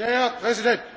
Der Herr Präsident!